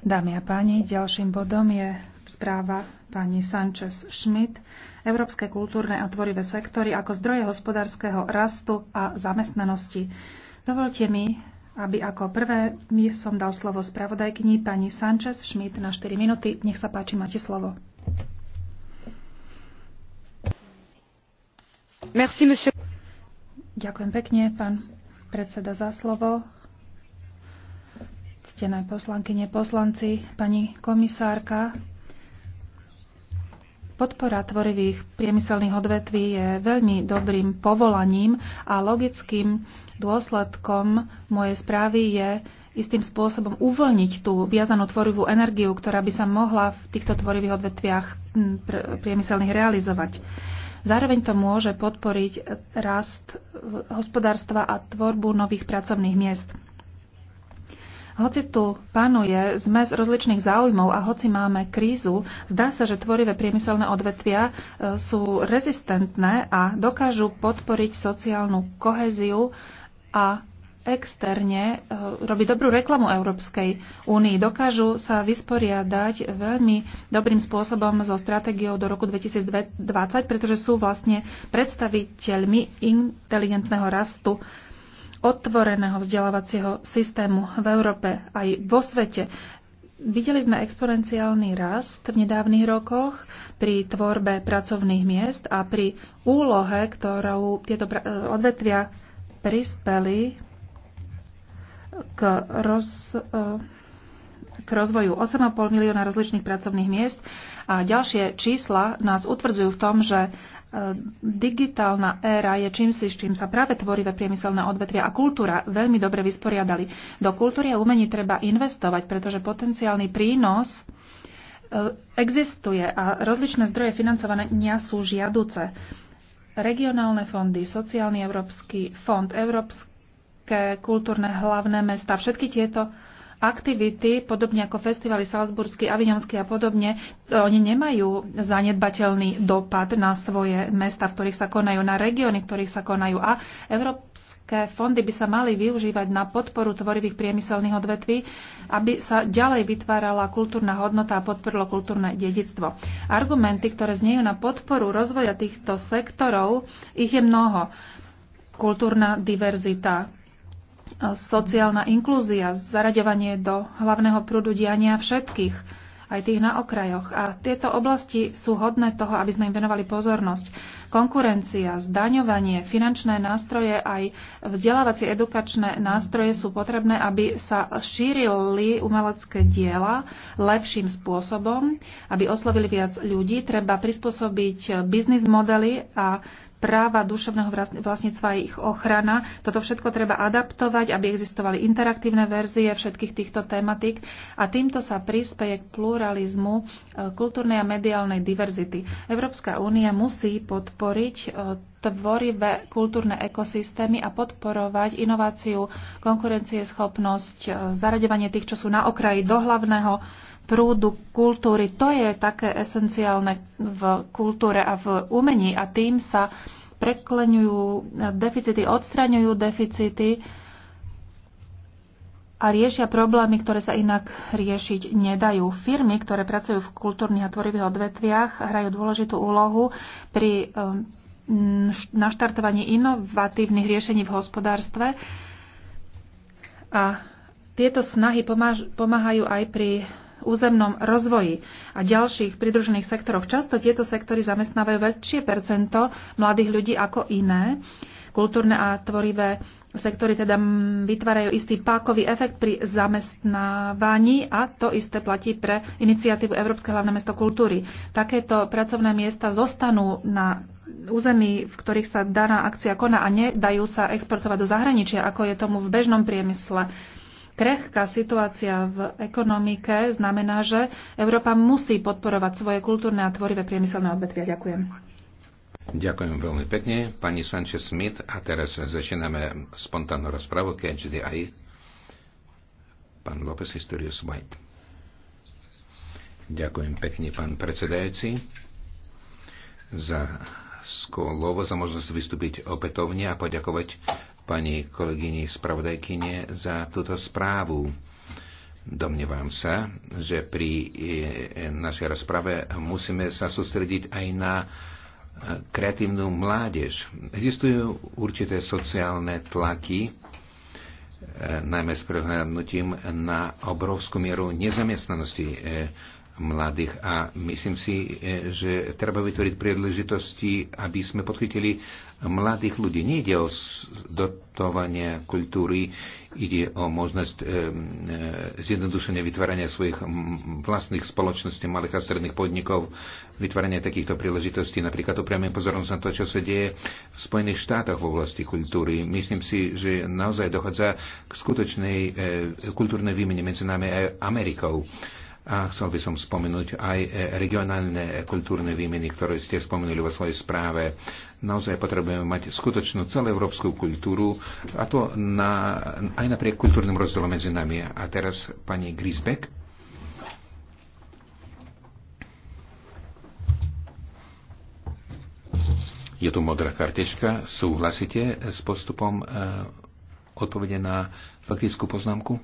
Dámy a páni, ďalším bodom je správa pani Sanchez Schmidt. Európske kultúrne a tvorivé sektory ako zdroje hospodárskeho rastu a zamestnanosti. Dovolte mi, aby ako prvé mi som dal slovo spravodajkyni pani Sanchez Schmidt na 4 minúty. Nech sa páči, máte slovo. Merci, monsieur. Ďakujem pekne, pán predseda, za slovo. Ctené poslankyne, poslanci, pani komisárka, Podpora tvorivých priemyselných odvetví je veľmi dobrým povolaním a logickým dôsledkom mojej správy je istým spôsobom uvoľniť tú viazanú tvorivú energiu, ktorá by sa mohla v týchto tvorivých odvetviach hm, priemyselných realizovať. Zároveň to môže podporiť rast hospodárstva a tvorbu nových pracovných miest. Hoci tu panuje zmes rozličných záujmov a hoci máme krízu, zdá sa, že tvorivé priemyselné odvetvia e, sú rezistentné a dokážu podporiť sociálnu koheziu a externe e, robí dobrú reklamu Európskej únii. Dokážu sa vysporiadať veľmi dobrým spôsobom so stratégiou do roku 2020, pretože sú vlastne predstaviteľmi inteligentného rastu otvoreného vzdelávacieho systému v Európe aj vo svete. Videli sme exponenciálny rast v nedávnych rokoch pri tvorbe pracovných miest a pri úlohe, ktorou tieto odvetvia prispeli k roz, k rozvoju 8,5 milióna rozličných pracovných miest a ďalšie čísla nás utvrdzujú v tom, že e, digitálna éra je čím si, s čím sa práve tvorivé priemyselné odvetvia a kultúra veľmi dobre vysporiadali. Do kultúry a umení treba investovať, pretože potenciálny prínos e, existuje a rozličné zdroje financovania sú žiaduce. Regionálne fondy, sociálny európsky fond, európske kultúrne hlavné mesta, všetky tieto aktivity, podobne ako festivaly Salzburský, Avignonský a podobne, e, oni nemajú zanedbateľný dopad na svoje mesta, v ktorých sa konajú, na regióny, v ktorých sa konajú. A európske fondy by sa mali využívať na podporu tvorivých priemyselných odvetví, aby sa ďalej vytvárala kultúrna hodnota a podporilo kultúrne dedictvo. Argumenty, ktoré zniejú na podporu rozvoja týchto sektorov, ich je mnoho. Kultúrna diverzita, sociálna inklúzia, zaraďovanie do hlavného prúdu diania všetkých, aj tých na okrajoch. A tieto oblasti sú hodné toho, aby sme im venovali pozornosť. Konkurencia, zdaňovanie, finančné nástroje, aj vzdelávacie edukačné nástroje sú potrebné, aby sa šírili umelecké diela lepším spôsobom, aby oslovili viac ľudí. Treba prispôsobiť biznis modely a práva duševného vlastníctva a ich ochrana. Toto všetko treba adaptovať, aby existovali interaktívne verzie všetkých týchto tematik a týmto sa prispieje k pluralizmu e, kultúrnej a mediálnej diverzity. Európska únia musí podporiť e, tvorivé kultúrne ekosystémy a podporovať inováciu, konkurencieschopnosť, e, zaraďovanie tých, čo sú na okraji do hlavného prúdu kultúry. To je také esenciálne v kultúre a v umení a tým sa preklenujú e, deficity, odstraňujú deficity a riešia problémy, ktoré sa inak riešiť nedajú. Firmy, ktoré pracujú v kultúrnych a tvorivých odvetviach, hrajú dôležitú úlohu pri e, naštartovaní inovatívnych riešení v hospodárstve a tieto snahy pomáhajú aj pri územnom rozvoji a ďalších pridružených sektoroch. Často tieto sektory zamestnávajú väčšie percento mladých ľudí ako iné. Kultúrne a tvorivé sektory teda vytvárajú istý pákový efekt pri zamestnávaní a to isté platí pre iniciatívu Európske hlavné mesto kultúry. Takéto pracovné miesta zostanú na území, v ktorých sa daná akcia koná a nedajú sa exportovať do zahraničia, ako je tomu v bežnom priemysle krehká situácia v ekonomike znamená, že Európa musí podporovať svoje kultúrne a tvorivé priemyselné odvetvia. Ďakujem. Ďakujem veľmi pekne, pani Sanchez Smith. A teraz začíname spontánnu rozpravu KHDI. Pán López Historius White. Ďakujem pekne, pán predsedajúci, za skolovo, za možnosť vystúpiť opätovne a poďakovať pani kolegyni spravodajkyne za túto správu. Domnievam sa, že pri e, našej rozprave musíme sa sústrediť aj na e, kreatívnu mládež. Existujú určité sociálne tlaky, e, najmä s prehľadnutím na obrovskú mieru nezamestnanosti mladých. A myslím si, e, že treba vytvoriť príležitosti, aby sme podchytili mladých ľudí. nie ide o dotovanie kultúry, ide o možnosť e, e, zjednodušenia vytvárania svojich vlastných spoločností, malých a stredných podnikov, vytvárania takýchto príležitostí. Napríklad upriamím pozornosť na to, čo sa deje v Spojených štátoch v oblasti kultúry. Myslím si, že naozaj dochádza k skutočnej kultúrnej výmene medzi nami a Amerikou. A chcel by som spomenúť aj e, regionálne e, kultúrne výmeny, ktoré ste spomenuli vo svojej správe. Naozaj potrebujeme mať skutočnú celoeurópsku kultúru, a to na, aj napriek kultúrnym rozdielom medzi nami. A teraz pani Grisbeck. Je tu modrá kartečka. Súhlasíte s postupom e, odpovede na faktickú poznámku?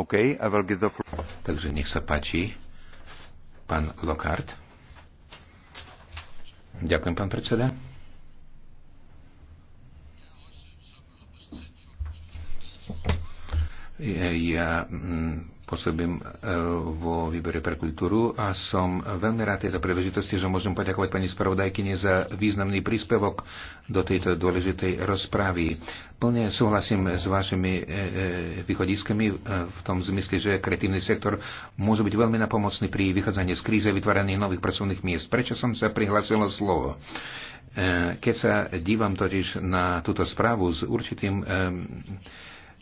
Okay, I will give the... floor. Takže nech sa páči, pán Lokart. Ďakujem, pán predseda. Ja mm, pôsobím e, vo výbore pre kultúru a som veľmi rád tejto príležitosti, že môžem poďakovať pani spravodajkyni za významný príspevok do tejto dôležitej rozpravy. Plne súhlasím s vašimi e, e, východiskami v tom zmysle, že kreatívny sektor môže byť veľmi napomocný pri vychádzaní z kríze vytváraných nových pracovných miest. Prečo som sa prihlásil slovo? Keď sa dívam totiž na túto správu s určitým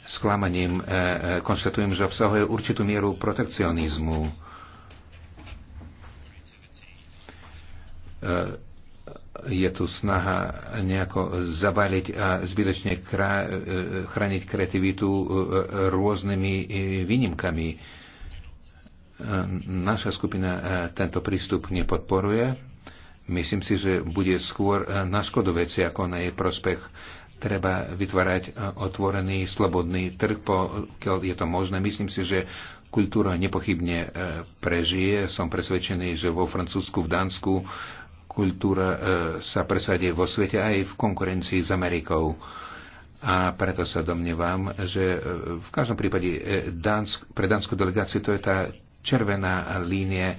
sklamaním e, e, konštatujem, že obsahuje určitú mieru protekcionizmu. E, je tu snaha nejako zabaliť a zbytočne chrániť kreativitu rôznymi výnimkami. Naša skupina tento prístup nepodporuje. Myslím si, že bude skôr na škodu veci ako na jej prospech. Treba vytvárať e, otvorený, slobodný trh, pokiaľ je to možné. Myslím si, že kultúra nepochybne e, prežije. Som presvedčený, že vo Francúzsku, v Dánsku kultúra e, sa presadí vo svete aj v konkurencii s Amerikou. A preto sa domnievam, že v každom prípade pre dánsku delegáciu to je tá červená línie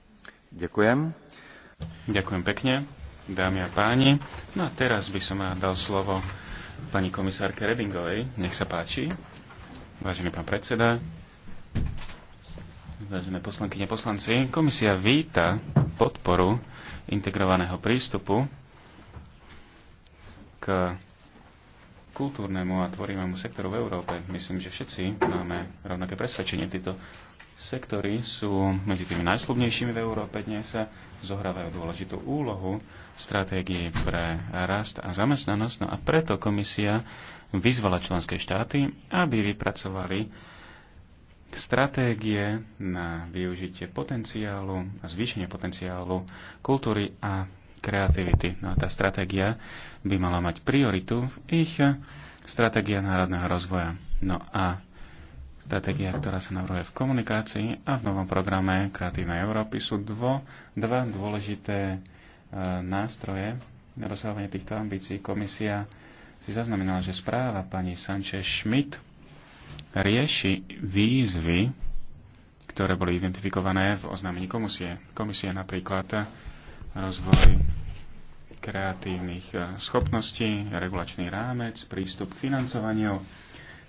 Ďakujem. Ďakujem pekne, dámy a páni. No a teraz by som rád dal slovo pani komisárke Redingovej. Nech sa páči. Vážený pán predseda, vážené poslanky poslanci, komisia víta podporu integrovaného prístupu k kultúrnemu a tvorivému sektoru v Európe. Myslím, že všetci máme rovnaké presvedčenie. Tieto sektory sú medzi tými najslubnejšími v Európe dnes a zohrávajú dôležitú úlohu v stratégii pre rast a zamestnanosť. No a preto komisia vyzvala členské štáty, aby vypracovali stratégie na využitie potenciálu a zvýšenie potenciálu kultúry a kreativity. No a tá stratégia by mala mať prioritu v ich stratégia národného rozvoja. No a Stratégia, ktorá sa navrhuje v komunikácii a v novom programe Kreatívnej Európy sú dvo, dva dôležité e, nástroje na dosahovanie týchto ambícií. Komisia si zaznamenala, že správa pani Sanchez Schmidt rieši výzvy, ktoré boli identifikované v oznámení komisie. Komisie napríklad rozvoj kreatívnych e, schopností, regulačný rámec, prístup k financovaniu,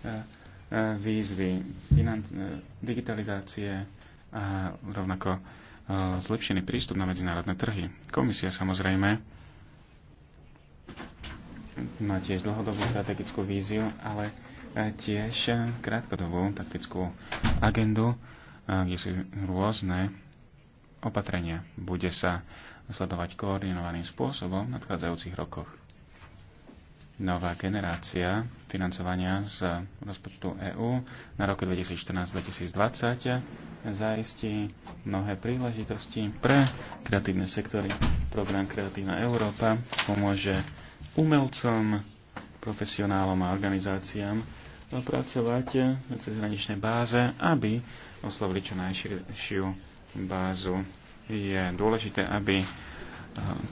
e, E, výzvy e, digitalizácie a rovnako e, zlepšený prístup na medzinárodné trhy. Komisia samozrejme má tiež dlhodobú strategickú víziu, ale tiež krátkodobú taktickú agendu, kde sú rôzne opatrenia. Bude sa sledovať koordinovaným spôsobom v nadchádzajúcich rokoch nová generácia financovania z rozpočtu EÚ na roky 2014-2020 zaistí mnohé príležitosti pre kreatívne sektory. Program Kreatívna Európa pomôže umelcom, profesionálom a organizáciám pracovať na cezhraničnej báze, aby oslovili čo najširšiu bázu. Je dôležité, aby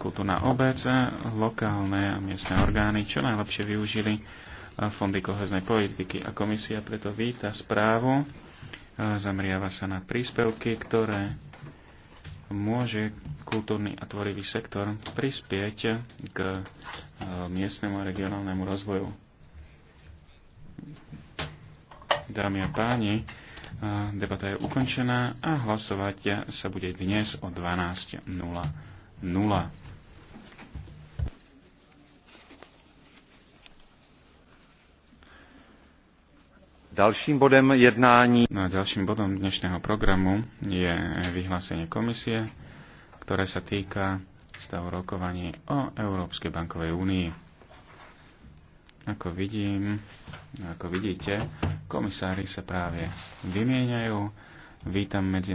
kultúrna obec, lokálne a miestne orgány čo najlepšie využili eh, fondy koheznej politiky a komisia preto víta správu, eh, zameriava sa na príspevky, ktoré môže kultúrny a tvorivý sektor prispieť k eh, miestnemu a regionálnemu rozvoju. Dámy a páni, debata je ukončená a hlasovať sa bude dnes o 12.00 nula. Dalším bodem jednání... No a ďalším bodom dnešného programu je vyhlásenie komisie, ktoré sa týka stavu rokovaní o Európskej bankovej únii. Ako vidím, ako vidíte, komisári sa práve vymieňajú. Vítam medzi